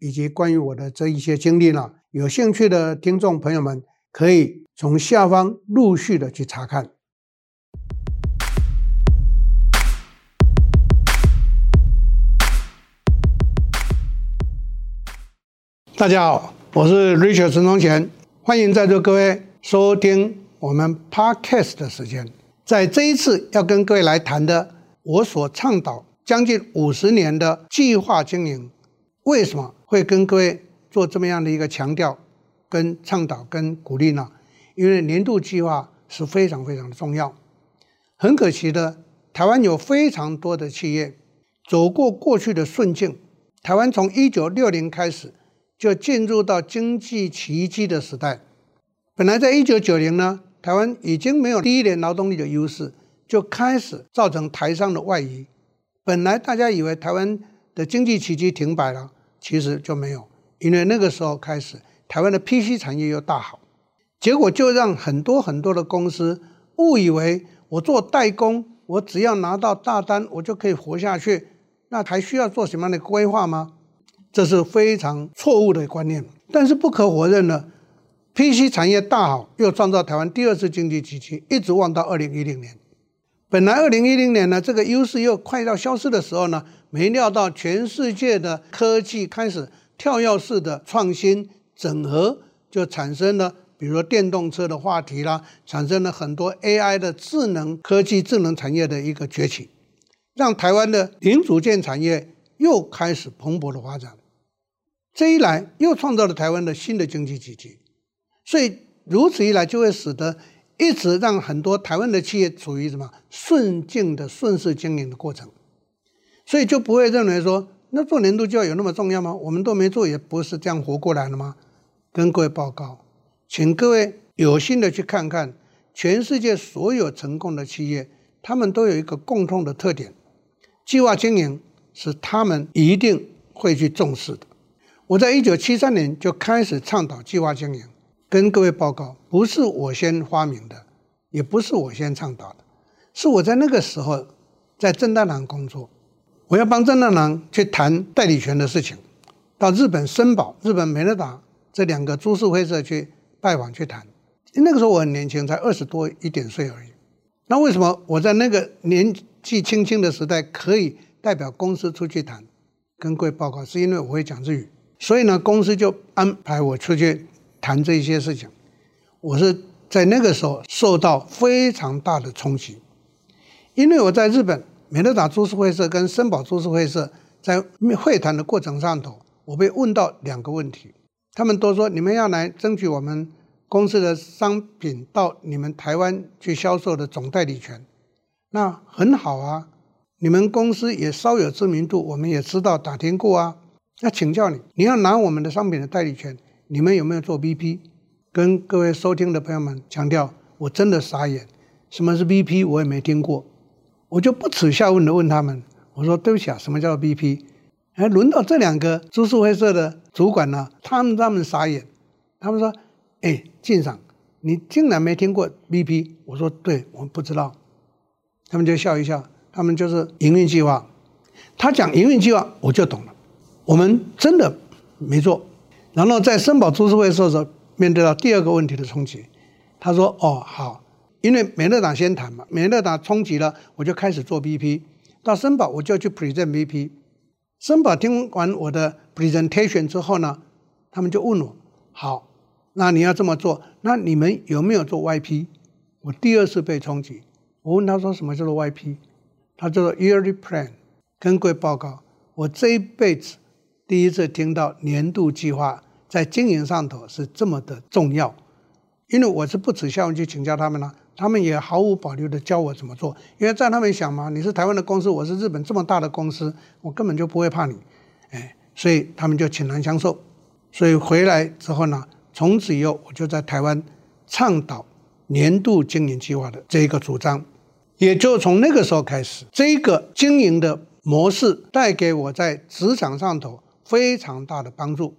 以及關於我的這一些經歷呢，有興趣的聽眾朋友們，可以從下方陸續的去查看。大家好，我是 Richard 陳宗賢，歡迎在座各位收聽我們 Podcast 的時間。在這一次要跟各位來談的，我所倡導將近五十年的計劃經營，為什麼，會跟各位做這麼樣的一個強調、跟倡導、跟鼓勵呢？因為年度計劃是非常非常的重要。很可惜的，台灣有非常多的企業走過過去的順境。台灣從一九六零開始就進入到經濟奇蹟的時代。本來在一九九零呢，台灣已經沒有低廉勞動力的優勢，就開始造成台商的外移。本來大家以為台灣的經濟奇蹟停擺了。其實就沒有，因為那個時候開始，台灣的 PC 產業又大好，結果就讓很多很多的公司誤以為我做代工，我只要拿到大單，我就可以活下去，那還需要做什麼樣的規劃嗎？這是非常錯誤的觀念。但是不可否認呢，PC 產業大好，又創造台灣第二次經濟奇蹟，一直旺到二零一零年。本來二零一零年呢，這個優勢又快要消失的時候呢。沒料到，全世界的科技開始跳躍式的創新整合，就產生了，比如說電動車的話題啦，產生了很多 AI 的智能科技、智能產業的一個崛起，讓台灣的零組件產業又開始蓬勃的發展，這一來又創造了台灣的新的經濟奇蹟，所以如此一來就會使得一直讓很多台灣的企業處於什麼順境的順勢經營的過程。所以就不會認為說，那做年度計劃有那麼重要嗎？我們都沒做，也不是這樣活過來了嗎？跟各位報告，請各位有心的去看看，全世界所有成功的企業，他們都有一個共同的特點，計劃經營是他們一定會去重視的。我在一九七三年就開始倡導計劃經營，跟各位報告，不是我先發明的，也不是我先倡導的，是我在那個時候在正大堂工作。我要幫正大郎去談代理權的事情，到日本森寶、日本美樂達這兩個株式會社去拜訪去談。那個時候我很年輕，才二十多一點歲而已。那為什麼我在那個年紀輕輕的時代可以代表公司出去談，跟各位報告，是因為我會講日語。所以呢，公司就安排我出去談這些事情。我是在那個時候受到非常大的衝擊，因為我在日本。美樂達株式會社跟森寶株式會社在會談的過程上頭，我被問到兩個問題。他們都說，你們要來爭取我們公司的商品到你們台灣去銷售的總代理權，那很好啊。你們公司也稍有知名度，我們也知道打聽過啊。那請教你，你要拿我們的商品的代理權，你們有沒有做 VP？跟各位收聽的朋友們強調，我真的傻眼，什麼是 VP 我也沒聽過。我就不恥下問地問他們，我說：“對不起啊，什麼叫做 BP？” 哎，輪到這兩個株式會社的主管了，啊，他們他們傻眼，他們說：“哎，晉賞，你竟然沒聽過 BP？” 我說：“對，我們不知道。”他們就笑一笑，他們就是營運計劃。他講營運計劃，我就懂了，我們真的沒做。然後在申寶株式會社的時候，面對到第二個問題的衝擊，他說：“哦，好。”因為美樂達先談嘛，美樂達衝擊了，我就開始做 BP，到森寶我就去 present BP，森寶聽完我的 presentation 之後呢，他們就問我，好，那你要這麼做，那你們有沒有做 YP？我第二次被衝擊，我問他說什麼叫做 YP？他說 yearly plan，跟各位報告。我這一輩子第一次聽到年度計劃在經營上頭是這麼的重要，因為我是不恥下問去請教他們了。他們也毫無保留地教我怎麼做，因為在他們想嘛，你是台灣的公司，我是日本這麼大的公司，我根本就不會怕你，哎，所以他們就傾囊相授。所以回來之後呢，從此以後我就在台灣倡導年度經營計劃的這一個主張，也就從那個時候開始，這個經營的模式帶給我在職場上頭非常大的幫助，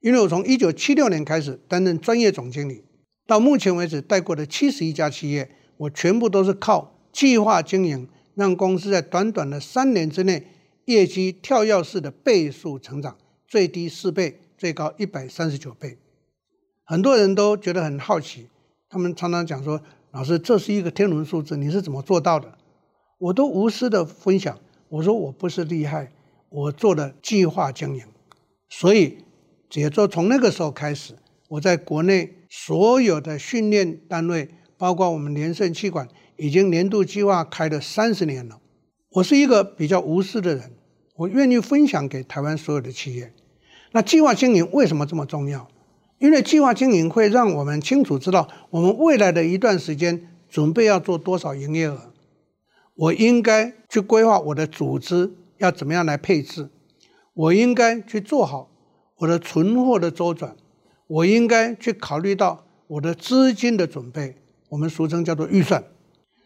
因為我從一九七六年開始擔任專業總經理。到目前為止，帶過的七十一家企業，我全部都是靠計劃經營，讓公司在短短的三年之內業績跳躍式的倍數成長，最低四倍，最高一百三十九倍。很多人都覺得很好奇，他們常常講說：“老師，這是一個天文數字，你是怎麼做到的？”我都無私的分享，我說我不是厲害，我做了計劃經營。所以，也就從那個時候開始，我在國內。所有的訓練單位，包括我們聯聖企管，已經年度計劃開了三十年了。我是一個比較無私的人，我願意分享給台灣所有的企業。那計劃經營為什麼這麼重要？因為計劃經營會讓我們清楚知道，我們未來的一段時間準備要做多少營業額。我應該去規劃我的組織要怎麼樣來配置，我應該去做好我的存貨的週轉。我應該去考慮到我的資金的準備，我們俗稱叫做預算。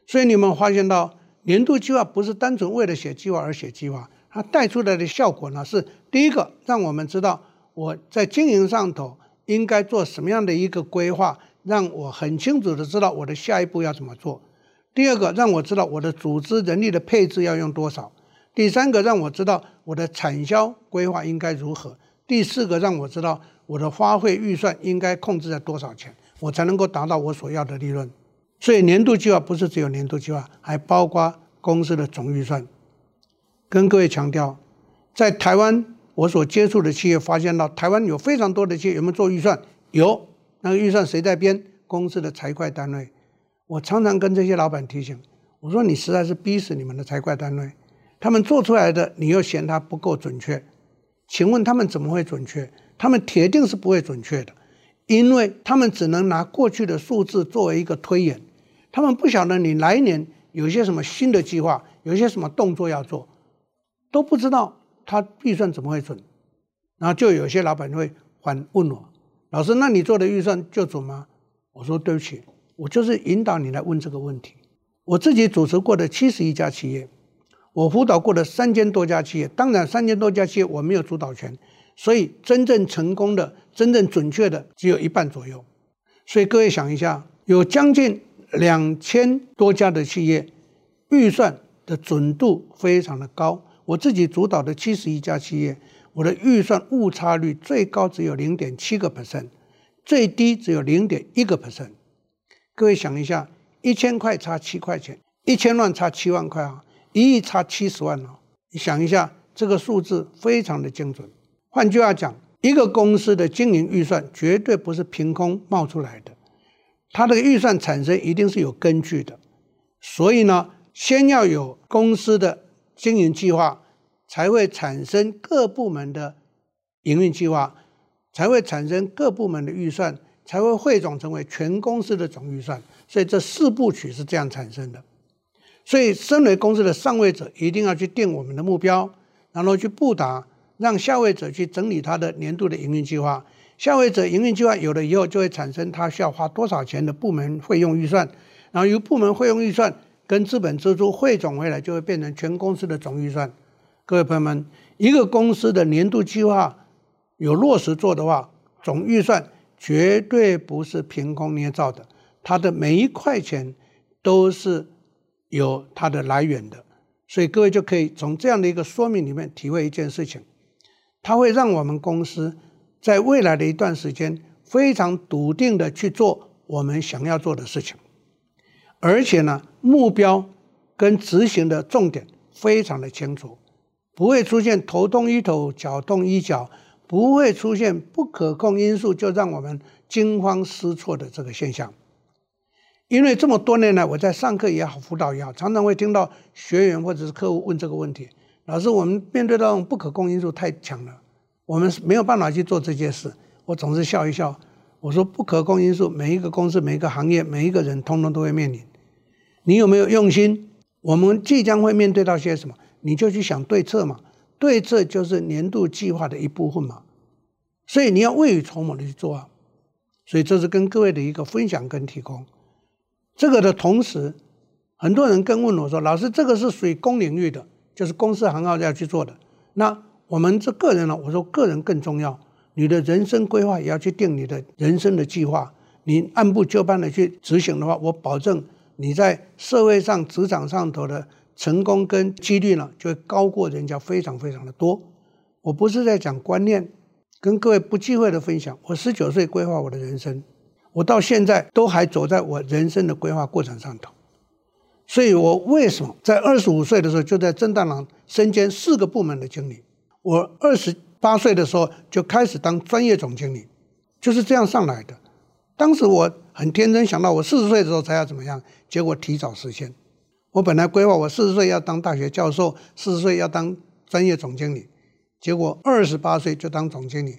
所以你們發現到年度計劃不是單純為了寫計劃而寫計劃，它帶出來的效果呢是：第一個，讓我們知道我在經營上頭應該做什麼樣的一個規劃，讓我很清楚的知道我的下一步要怎麼做；第二個，讓我知道我的組織人力的配置要用多少；第三個，讓我知道我的產銷規劃應該如何；第四個，讓我知道。我的花費預算應該控制在多少錢，我才能夠達到我所要的利潤？所以年度計劃不是只有年度計劃，還包括公司的總預算。跟各位強調，在台灣我所接觸的企業發現到，台灣有非常多的企業有沒有做預算？有，那個預算誰在編？公司的財會單位。我常常跟這些老板提醒，我說你實在是逼死你們的財會單位，他們做出來的你又嫌它不夠準確，請問他們怎麼會準確？他們鐵定是不會準確的，因為他們只能拿過去的數字作為一個推演，他們不曉得你來年有些什麼新的計劃，有些什麼動作要做，都不知道，他預算怎麼會準。然後就有些老闆會反問我：“老師，那你做的預算就準嗎？”我說：“對不起，我就是引導你來問這個問題。我自己主持過的七十一家企業，我輔導過的三千多家企業，當然三千多家企業我沒有主導權。”所以真正成功的，真正準確的只有一半左右。所以各位想一下，有將近兩千多家的企業，預算的準度非常的高。我自己主導的七十一家企業，我的預算誤差率最高只有零點七個 percent，最低只有零點一個 percent，各位想一下，一千塊差七塊錢，一千萬差七萬塊啊，一億差七十萬哦，啊，你想一下，這個數字非常的精準。換句話講，一個公司的經營預算絕對不是憑空冒出來的，它的預算產生一定是有根據的。所以呢，先要有公司的經營計劃，才會產生各部門的營運計劃，才會產生各部門的預算，才會匯總成為全公司的總預算。所以這四部曲是這樣產生的。所以，身為公司的上位者，一定要去定我們的目標，然後去布達。讓下位者去整理他的年度的營運計劃，下位者營運計劃有了以後，就會產生他需要花多少錢的部門費用預算，然後由部門費用預算跟資本支出彙總回來，就會變成全公司的總預算。各位朋友們，一個公司的年度計劃有落實做的話，總預算絕對不是憑空捏造的，它的每一塊錢都是有它的來源的，所以各位就可以從這樣的一個說明裡面體會一件事情。它會讓我們公司在未來的一段時間非常篤定的去做我們想要做的事情，而且呢，目標跟執行的重點非常的清楚，不會出現頭痛醫頭，腳痛醫腳，不會出現不可控因素就讓我們驚慌失措的這個現象。因為這麼多年來，我在上課也好，輔導也好，常常會聽到學員或者是客戶問這個問題。老師，我們面對到那種不可控因素太強了，我們是沒有辦法去做這件事。我總是笑一笑，我說不可控因素，每一個公司、每一個行業、每一個人，通通都會面臨。你有沒有用心？我們即將會面對到些什麼？你就去想對策嘛，對策就是年度計劃的一部分嘛，所以你要未雨綢繆的去做啊。所以這是跟各位的一個分享跟提供。這個的同時，很多人跟問我說：“老師，這個是屬於工領域的。”就是公司、行號要去做的。那我們這個人呢？我說個人更重要。你的人生規劃也要去定你的人生的計劃。你按部就班的去執行的話，我保證你在社會上、職場上頭的成功跟幾率呢，就會高過人家非常非常的多。我不是在講觀念，跟各位不忌諱的分享。我十九歲規劃我的人生，我到現在都還走在我人生的規劃過程上頭。所以，我為什麼在二十五歲的時候就在正大郎身兼四個部門的經理？我二十八歲的時候就開始當專業總經理，就是這樣上來的。當時我很天真，想到我四十歲的時候才要怎麼樣，結果提早實現。我本來規劃我四十歲要當大學教授，四十歲要當專業總經理，結果二十八歲就當總經理，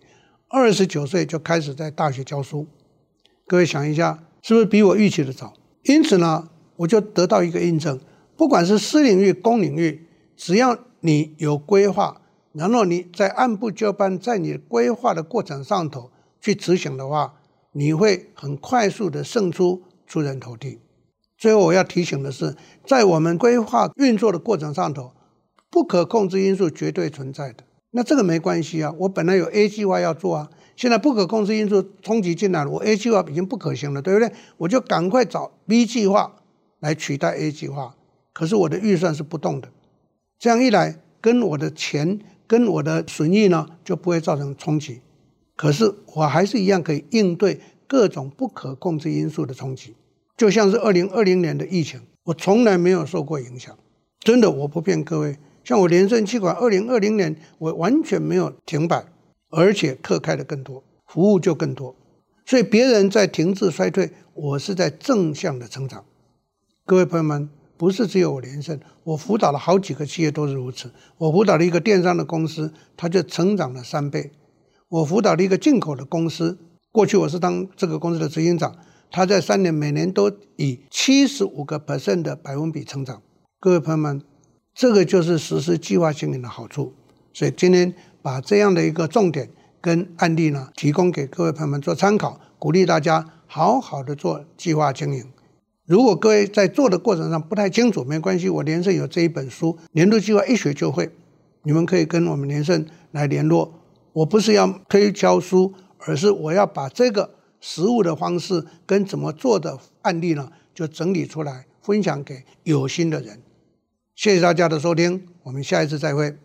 二十九歲就開始在大學教書。各位想一下，是不是比我預期的早？因此呢，我就得到一個印證，不管是私領域、公領域，只要你有規劃，然後你在按部就班，在你規劃的過程上頭去執行的話，你會很快速的勝出、出人頭地。最後我要提醒的是，在我們規劃運作的過程上頭，不可控制因素絕對存在的。那這個沒關係啊，我本來有 A 計劃要做啊，現在不可控制因素衝擊進來了，我 A 計劃已經不可行了，對不對？我就趕快找 B 計劃。來取代 A 計劃，可是我的預算是不動的，這樣一來，跟我的錢，跟我的損益呢，就不會造成衝擊。可是我還是一樣可以應對各種不可控制因素的衝擊，就像是二零二零年的疫情，我從來沒有受過影響。真的，我不騙各位，像我聯聖企管，二零二零年，我完全沒有停擺，而且課開得更多，服務就更多。所以別人在停滯衰退，我是在正向的成長。各位朋友們，不是只有我連勝，我輔導了好幾個企業都是如此。我輔導了一個電商的公司，它就成長了三倍。我輔導了一個進口的公司，過去我是當這個公司的執行長，他在三年每年都以七十五個 percent 的百分比成長。各位朋友們，這個就是實施計劃經營的好處。所以今天把這樣的一個重點跟案例呢，提供給各位朋友們做參考，鼓勵大家好好的做計劃經營。如果各位在做的過程上不太清楚，沒關係，我連勝有這一本書《年度計劃一學就會》，你們可以跟我們連勝來聯絡。我不是要推銷書，而是我要把這個實務的方式跟怎麼做的案例呢，就整理出來分享給有心的人。謝謝大家的收聽，我們下一次再會。